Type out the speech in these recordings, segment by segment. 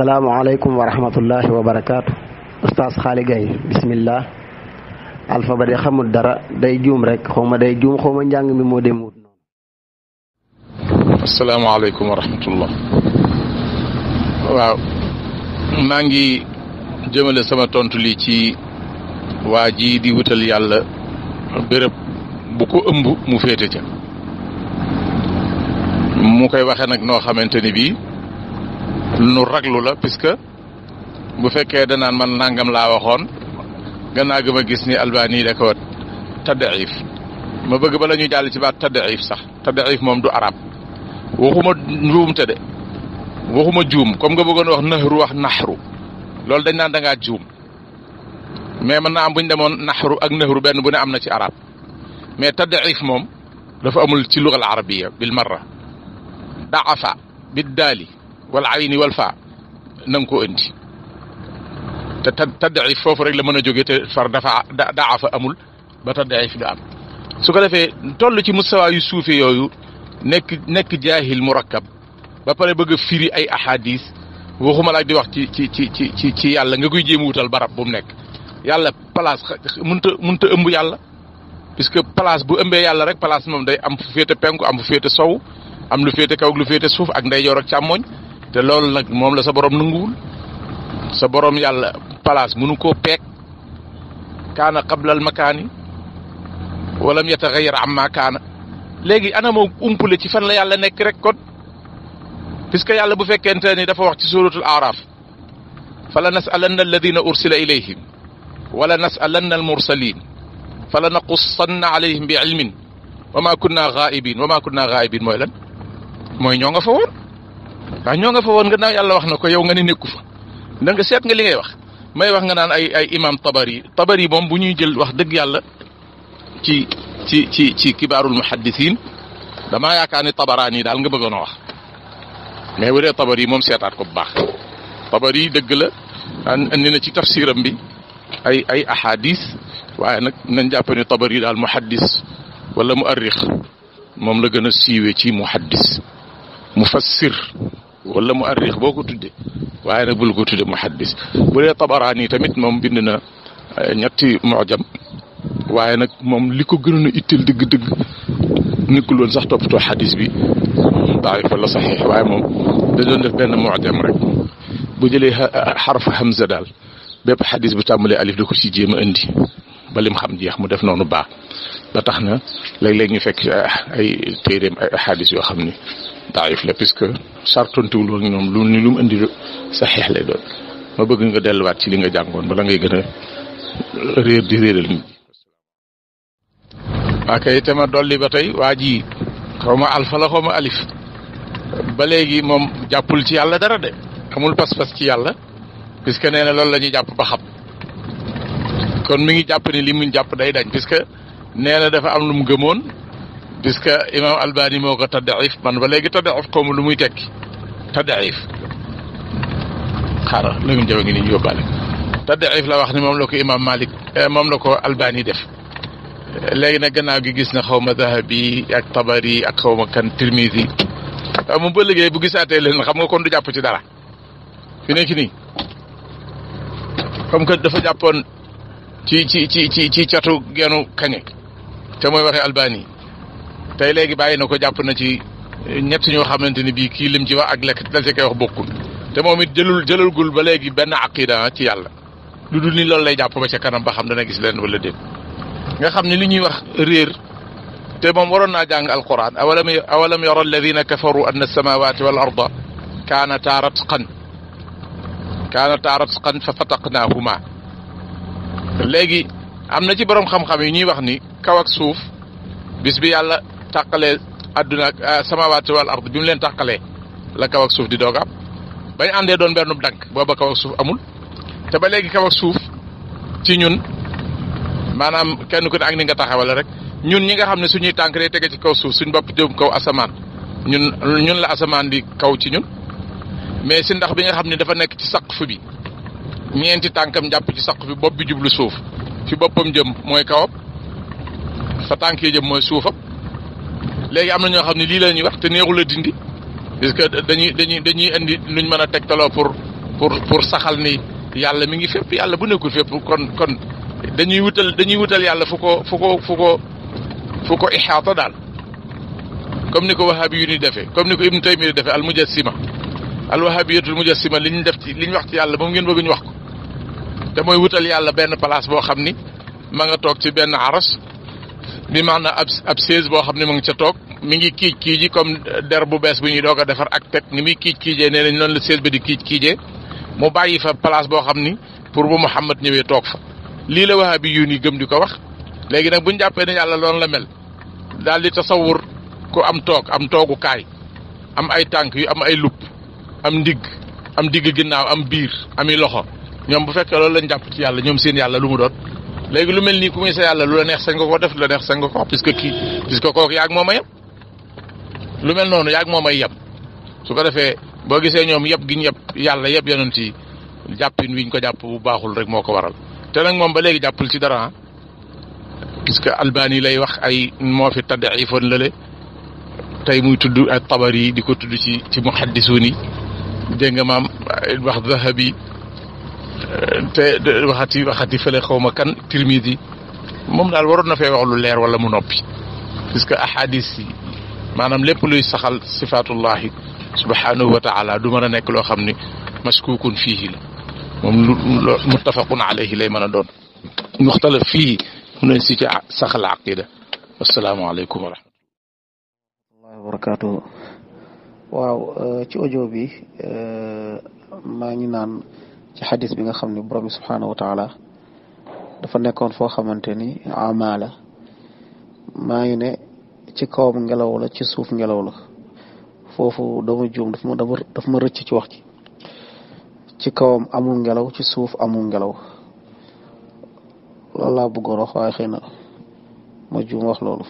asalaamualeykum wa rahmatullahi wa barakaatu oustaz Xaali Gaye bismillah alphabet yi xamul dara day juum rek xaw ma day juum xaw ma njàng mi moo demut noonu asalaamualeykum wa rahmatullah waaw maa ngi jëmale sama tontu lii ci waaji ji di wutal yàlla béréb bu ko ëmb mu féete ca koy waxe nag noo xamante ni bii lu raglu la puisque bu fekkee danaan man nangam laa waxoon gannaaw gi ma gis ni albani da ko taddaif ma bëgg ba la ñuy jàll ci baat taddaif sax taddaif moom du arab waxuma njuumte de waxuma juum comme nga bëggoon wax nahru wax naxru loolu dañ naan da ngaa juum mais mën naa am bu ñu demoon naxru ak nahru benn bu ne am na ci arab mais taddaif moom dafa amul ci lugal arabiya bil marra daafa bid daali wal ayni wal faa na nga ko indi te taddaif foofu rek la mën a jóge te far dafa daa fa amul ba taddaif du am su ko defee toll ci mustawaa yu suufe yooyu nekk nekk jaahil murakkab ba pare bëgg a firi ay ahadis waxuma laaj di wax ci ci ci ci ci yàlla nga koy jéem wutal barab bu mu nekk yàlla place mënut a mënut a ëmb yàlla puisque place bu ëmbee yàlla rek place moom day am fu féete penku am fu féete sow am lu féete kaw ak lu féete suuf ak ndeyjoor ak càmmooñ te loolu nak mom la sa borom nangul sa borom yàlla place munu ko pek kana qabla al qablal wa lam yataghayyar amma kana léegi ana mo umpule ci fan la yàlla nek rek kon puisque yàlla bu fekente ni dafa wax ci suratul araf fala nasalanna alladhina ursila ilayhim wala nasalanna almursalin fala naqussanna alayhim bi ilmin wa ma kunna ghaibin wa ma kunna ghaibin mooy lan waa ñoo nga fa woon nga naaw yàlla wax na ko yow nga ne nekku fa da nga seet nga li ngay wax may wax nga naan ay ay imam tabari tabari moom bu ñuy jël wax dëgg yàlla ci ci ci ci kibaarul muhaddisiin damaa yaakaar ne tabaraan yi daal nga bëggoon a wax mais bu dee tabari moom seetaat ko bu baax tabari dëgg la indi na ci tafsiram bi ay ay ahadis waaye nag nañ jàpp ne tabari daal muhaddis wala mu arrix moom la gën a siiwee ci muhaddis mufassir ولا مؤرخ بوكو تدي وانا بلغو تدي محدث بولي طبراني تمت موم بيننا آه، نياتي معجم وانا موم ليكو غنو ايتيل دغ دغ نيكول ون صح توبتو حديث بي تعرف ولا صحيح واي موم دا دون داف بن معجم رك بو جلي حرف حمزه دال بيب حديث بو تاملي الف دكو سي جيما اندي بلم خم جيخ مو داف نونو با با تخنا لاي لاي ني فك آه، اي تيريم اي آه، حديث يو خمني daif la puisque sartontiwul woon ñoom lu ni lu mu sa xeex lay doon ma bëgg nga delluwaat ci li nga jàngoon bala ngay gën a réer di réeral nit waa kay te ma dolli ba tey waa jii xaw ma alfa la xaw alif ba léegi moom jàppul ci yàlla dara de amul pas-pas ci yàlla puisque nee na loolu la ñuy jàpp ba xam kon mi ngi jàpp ni li mu jàpp day dañ puisque nee na dafa am lu mu gëmoon بسك إمام الباني موقع تدعيف من بلغ تدعيف قوم لمي تك تدعيف خارا لغم جوانين يوبالك تدعيف لا وقت مملوك إمام مالك مملوك الباني دف لغنا جنا جيسنا خوم ذهبي اكتبري اكوم كان ترميزي mu eh, ah, bu liggé bu gissaté len xam nga kon du japp ci dara fi nek ni comme que dafa jappone ci ci ci ci ci ciatu genu kagne te moy waxe albani tay legui bàyyi na ko jàpp na ci ñet ñoo xamanteni bi ki lim ci wax ak lek dal ci kay wax bokku te momit jëlul jëlul gul ba legui ben aqida ci yàlla lu dul ni lol lay jàpp ba ci kanam ba xam dana gis len wala deb nga xam ni li ñuy wax réer te mom waron na jàng alquran awalam awalam yara alladhina kafaru anna as-samawati wal arda kaanataa ratqan kaanataa ratqan fa fataqnahuma legui amna ci borom xam-xam yi ñuy wax ni kaw ak suuf bis bi yàlla Takale eh, sama wati wal ard bi len takale la kaw ak suuf di dogam bañ àndee doon bennub dànk booba kaw ak suuf amul te ba léegi kaw ak suuf ci ñun manam kenn ku ak ni nga taxawal rek ñun ñi nga xam suñuy tege ci kaw suuf suñ bop jëm kaw asaman ñun ñun la asaman di kaw ci ñun mais si ndax bi nga xam dafa nek ci saqf bi ñenti tankam japp ci saqf bi bop bi jublu suuf ci bopam jëm moy kawam fa tanki jëm moy suufam légui amna ño xamni li lañuy wax te neexu la dindi parce que dañuy dañuy dañuy andi luñ mëna tek talo pour pour pour saxal ni yàlla mi ngi fépp yàlla bu neeku fépp kon kon dañuy wutal dañuy wutal yàlla fuko fuko fuko fuko ihata dal comme niko wahabi yu ni defé comme niko ko ibnu taymi di al mujassima al wahabiyatul mujassima liñ def ci liñ wax ci yàlla moom ngeen bëgguñ wax ko te moy wutal yàlla ben place bo xamni ma nga tok ci ben aras bi maanaam ab ab saise boo xam ne moo ngi ca toog mu ngi kiij kiiji comme der bu bees bu ñuy doog a defar ak teg ni muy kiij kiijee nee nañ noonu la chaise di kiij kiijee mu bàyyi fa place boo xam ni pour bu Muhammad ñëwee toog fa lii la wahabi yu ni gëm di ko wax léegi nag bu ñu jàppee ne yàlla loolu la mel daal di tasawur ku am toog am toogukaay am ay tànk yu am ay lupp am ndigg am digg ginnaaw am biir ami loxo ñoom bu fekkee loolu lañ jàpp ci yàlla ñoom seen yàlla lu mu doon léegi lu mel nii ku muy sa yàlla lu la neex sañ nga ko def lu la neex sañ nga ko puisque kii puisque kooku yaag moom a yem lu mel noonu yaag moom ay yem su ko defee boo gisee ñoom yëpp gi yëpp yàlla yëpp yonent yi jàppin wi ko jàpp bu baaxul rek moo ko waral te nag moom ba léegi jàppul ci dara ah. puisque albani lay wax ay moo fi tadd tadaifoon lële tey muy tudd ak tabar yi di ko tudd ci ci muhaddisuun yi dégg nga maam wax zahabi te waxati waxati fële xaw ma kan tirmidi moom daal waroon na fee wax lu leer wala mu noppi puisque ahadis yi maanaam lépp luy saxal sifaatullahi subhanahu wa taala du mën a nekk loo xam ni maskukun fiihi la moom lu muttafaqun alayhi lay mën a doon muxtalaf fiihi mu leen si ci saxal aqida wasalaamaaleykum wa rahmatullahi wa barakatuh waaw ci audio bi maa ngi naan ci hadith bi nga xamni borom subhanahu wa taala dafa nekkon fo xamanteni amala ma ngi ne ci kawam ngelaw la ci suuf ngelaw la fofu dama juum daf ma daf ma rëcc ci wax ci ci kawam amul ngelaw ci suuf amul ngelaw loolu laa bëggoon wax waaye xëy na ma juum wax loolu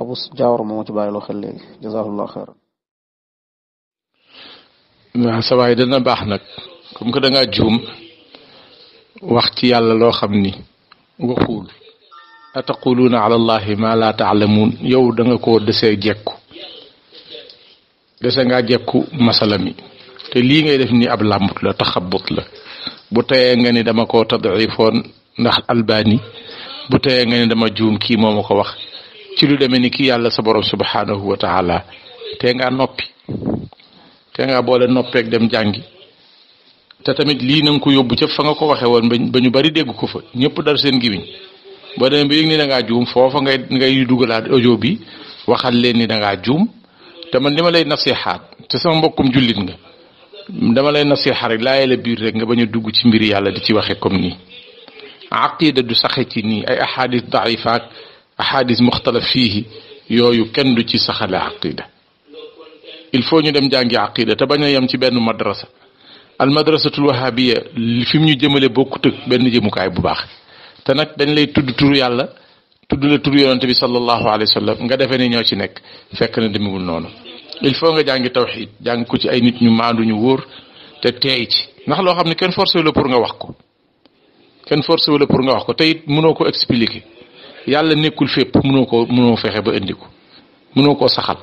abu jaawar moo ma ci bàyyi loo xel léegi jazaahullah xeer waaw sa waay dana baax nag comme que da ngaa juum wax ci yàlla loo xam ni waxuul ataquluna ala allahi ma la yow da nga koo desee jekku dese ngaa jekku masala te lii ngay def ni ab làmbut la taxabut la bu teyee nga ni dama koo tadcifoon ndax albani bu teyee nga ni dama wax ci lu sa borom subhanahu wa taala te nga te ngaa boole noppeeg dem jàngi te tamit lii na nga ko yóbbu ca fa nga ko waxee woon ba ñu bari dégg ko fa ñëpp dar seen giwiñ boo demee ba yëg ni da juum foofa ngay ngay dugalaat audio bi waxal leen ni da juum te man li lay nasihaat te sama mbokkum jullit nga dama lay nasiha rek laay la biir rek nga bañ a dugg ci mbir yàlla di ci waxee comme nii aqida du saxe ci nii ay ahadis daifaak ahadis muxtalaf fiihi yooyu kenn du ci saxale aqida il faut ñu dem jàngi aqida te bañ a yem ci benn madrasa al madrasatul wahabiya fi mu ñu jëmale bokkut ak benn jëmukaay bu baax te nag dañ lay tudd tur yàlla tudd la tur yonante bi sallallahu alayhi wa sallam nga defee ni ñoo ci nekk fekk na demewul noonu il faut nga jàngi tawxiid jàng ko ci ay nit ñu maandu ñu wóor te teey ci ndax loo xam ne kenn forcé wu la pour nga wax ko kenn forcé wu la pour nga wax ko te it mënoo ko expliquer yàlla nekkul fépp mënoo ko mënoo fexe ba indi ko mënoo koo saxal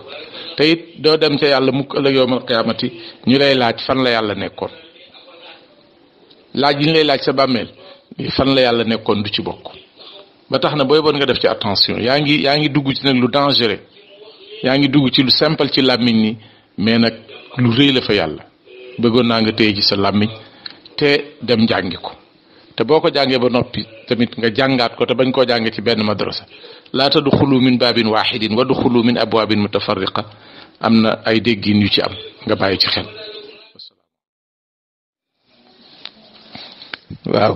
te doo dem ca yàlla mukk ëllëg yowmal qiyaamati ñu lay laaj fan la yàlla nekkoon laaj yi ñu lay laaj sa bàmmeel fan la yàlla nekkoon du ci bokk ba tax na booy bon nga def ci attention yaa ngi yaa ngi dugg ci nag lu dangereux yaa ngi dugg ci lu simple ci làmmiñ ni mais nag lu rëy la fa yàlla bëggoon naa nga téye ci sa làmmiñ te dem jàngi ko te boo ko jàngee ba noppi tamit nga jàngaat ko te bañ koo jàngee ci benn madrasa laa tadxulu min baabin waaxidin wa duxulu min abwaabin mutafarriqa am na ay déggin yu ci am nga bàyyi ci xel waaw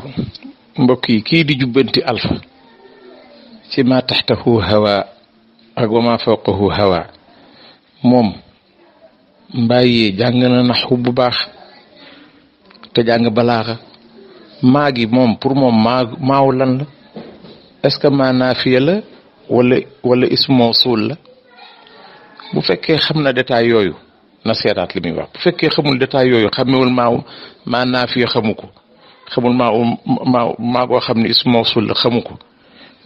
mbokk yi kii di jubbanti alfa ci ma taxtahu hawa ak wa ma fawqahu hawa moom mbàyyee jàng na naxu bu baax te jàng balaaxa maa gi moom pour moom maaw lan la est-ce que maa naafiya la wala wala ismu mawsul la bu fekkee xam na détail yooyu na seeraat li muy wax bu fekkee xamul détail yooyu xamewul maaw maa naafiya xamu ko xamul maa maa maa xam ne ismu mawsul la xamu ko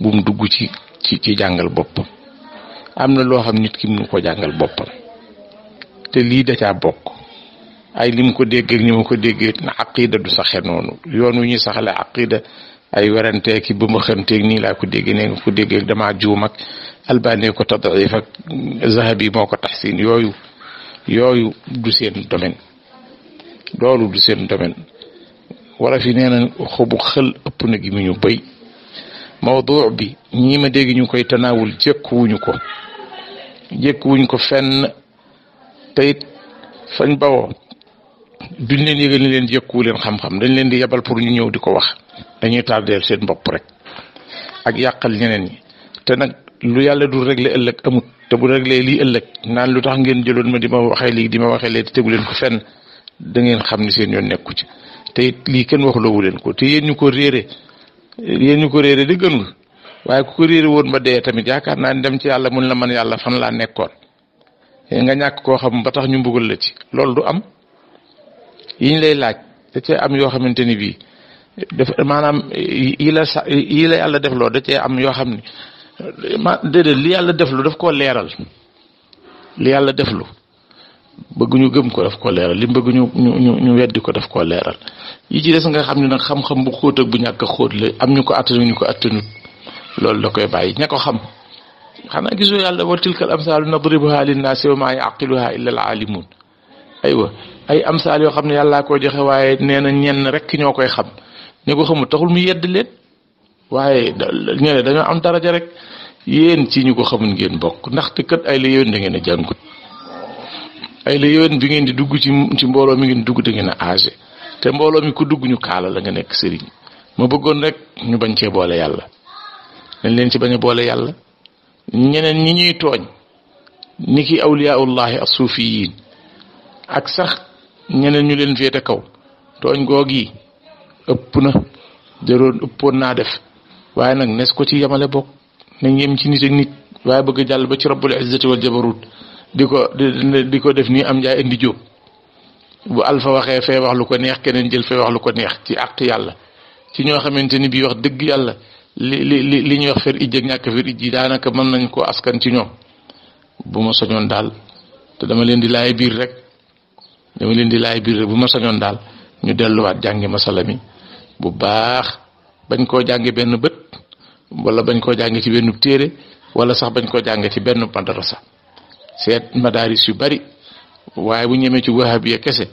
bu mu dugg ci ci ci jàngal boppam am na loo xam nit ki mënu ko jàngal boppam te lii da caa bokk ay li mu ko déggee ak ko déggee na aqida du saxe noonu yoon wi ñuy saxale aqida ay werantee ki bu ma xanteeg nii laa ko déggee ne ko déggee damaa juum ak albani ko tadif zahabi moo ko taxsin yooyu yooyu du seen domaine loolu du seen domaine wala fi nee na xobu xël ëpp na gi ñu béy mawdu bi ñii ma dégg ñu koy tanaawul jékkuwuñu ko jékkuwuñ ko fenn te it fañ bawoo duñ leen yëgal ni leen yëkkuwu leen xam-xam dañ leen di yebal pour ñu ñëw di ko wax dañuy tardeel seen bopp rek ak yàqal ñeneen ñi te nag lu yàlla du régler ëllëg amut te bu régler lii ëllëg naan lu tax ngeen jëloon ma di ma waxee lii di ma waxee leen di tegu leen ko fenn da ngeen xam ni seen yoon nekku ci te it lii kenn waxloowu leen ko te yéen ñu ko réere yéen ñu ko réere di gënul waaye ku ko réere woon ba dee tamit yaakaar naa ni dem ci yàlla mun la man yàlla fan laa nekkoon eh, nga ñàkk koo xam ba tax ñu mbugal la ci loolu du am yiñ lay laaj da cee am yoo xamante ni bii def maanaam yi la sa yi la defloo da cee am yoo xam ne ma déedéet li yàlla deflu daf koo leeral li yàlla deflu bëgg gëm ko daf koo leeral li bëgg ñu ñu ñu weddi ko daf koo leeral yi ci des nga xam ne nag xam-xam bu xóot bu ñàkk a xóot la am ñu ko attanu ñu ko attanut loolu da koy bàyyi ña ko xam xanaa gisoo yàlla wa tilkal amsaalu nadribuha linnaasi wa maa yaqiluha illa al aalimuun aywa ay amsaal yoo xam ne yàllaa koy joxe waaye nee na ñenn rekk ñoo koy xam ñu ko xamul taxul mu yedd leen waaye ñene dañoo am daraja rek yéen ci ñu ko xamul ngeen bokk ndaxte kat ay la yéwén da ngeen a jàngut ay la yéwén bi ngeen di dugg ci ci mbooloo mi ngeen dugg da ngeen a âgé te mbooloo mi ku dugg ñu kaala la nga nekk sëriñ ma bëggoon rek ñu bañ cee boole yàlla dañ leen ci bañ a boole yàlla ñeneen ñi ñuy tooñ ni ki awliyaullahi as-suufiyiin ak sax ñeneen ñu leen féete kaw to tooñ goog yi ëpp na daroon ëppoon naa def waaye nag nes ko ci yamale bokk nañ yem ci nit ak nit waaye bëgg jàll ba ci rabbul izzati wal jabarut di ko di ko def nii am njaay indi jóob bu alfa waxee fee wax lu ko neex keneen jël fee wax lu ko neex ci àq yàlla ci ñoo xamante ni bii wax dëgg yàlla li li li ñuy wax fer ij ak ñàkk fer ij yi daanaka mën nañ koo askan ci ñoom bu ma soñoon daal te dama leen di laay biir rek ñu ngi leen di lay biir bu ma sañoon daal ñu delluwaat jàngi masala mi bu baax bañ koo jàngi benn bët wala bañ koo jàngi ci benn téere wala sax bañ koo jàngi ci benn madrasa seet madaris yu bari waaye bu ñemee ci ya kese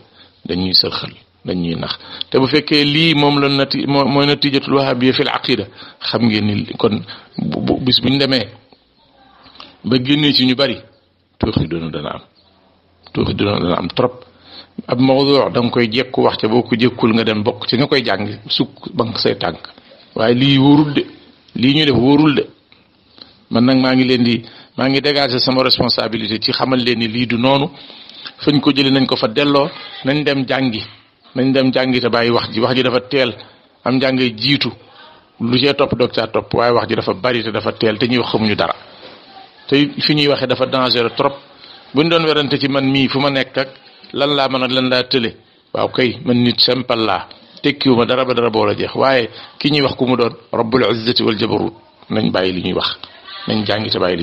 dañuy sërxal dañuy nax te bu fekkee lii moom la nati mooy natijatul ya fil aqida xam ngeen ni kon bis buñ demee ba génnee ci ñu bari tuuxi doona dana am tuuxi dana am trop ab mawdu da danga koy jekku wax ca boo ko jekkul nga dem bokk ci nga koy jàng sukk bank say tànk waaye lii wóorul de lii ñu def wóorul de man nag maa ngi leen di maa ngi dégager sama responsabilité ci xamal leen ni lii du noonu fañ ko jëlee nañ ko fa delloo nañ dem jàngi nañ dem jàngi te bàyyi wax ji wax ji dafa teel am njàngay jiitu lu cee topp doog caa topp waaye wax ji dafa bari te dafa teel te ñuy wax xamuñu dara te fi ñuy waxee dafa dangereux trop buñ ci man mii fu ma nekk ak lan la mën a lan la tële waaw kay man nit simple la tekkiwu ma dara ba dara boo la jeex waaye ki ñuy wax ku mu doon rabbul izzati wal jabarut nañ bàyyi li ñuy wax nañ jàngi te bàyyi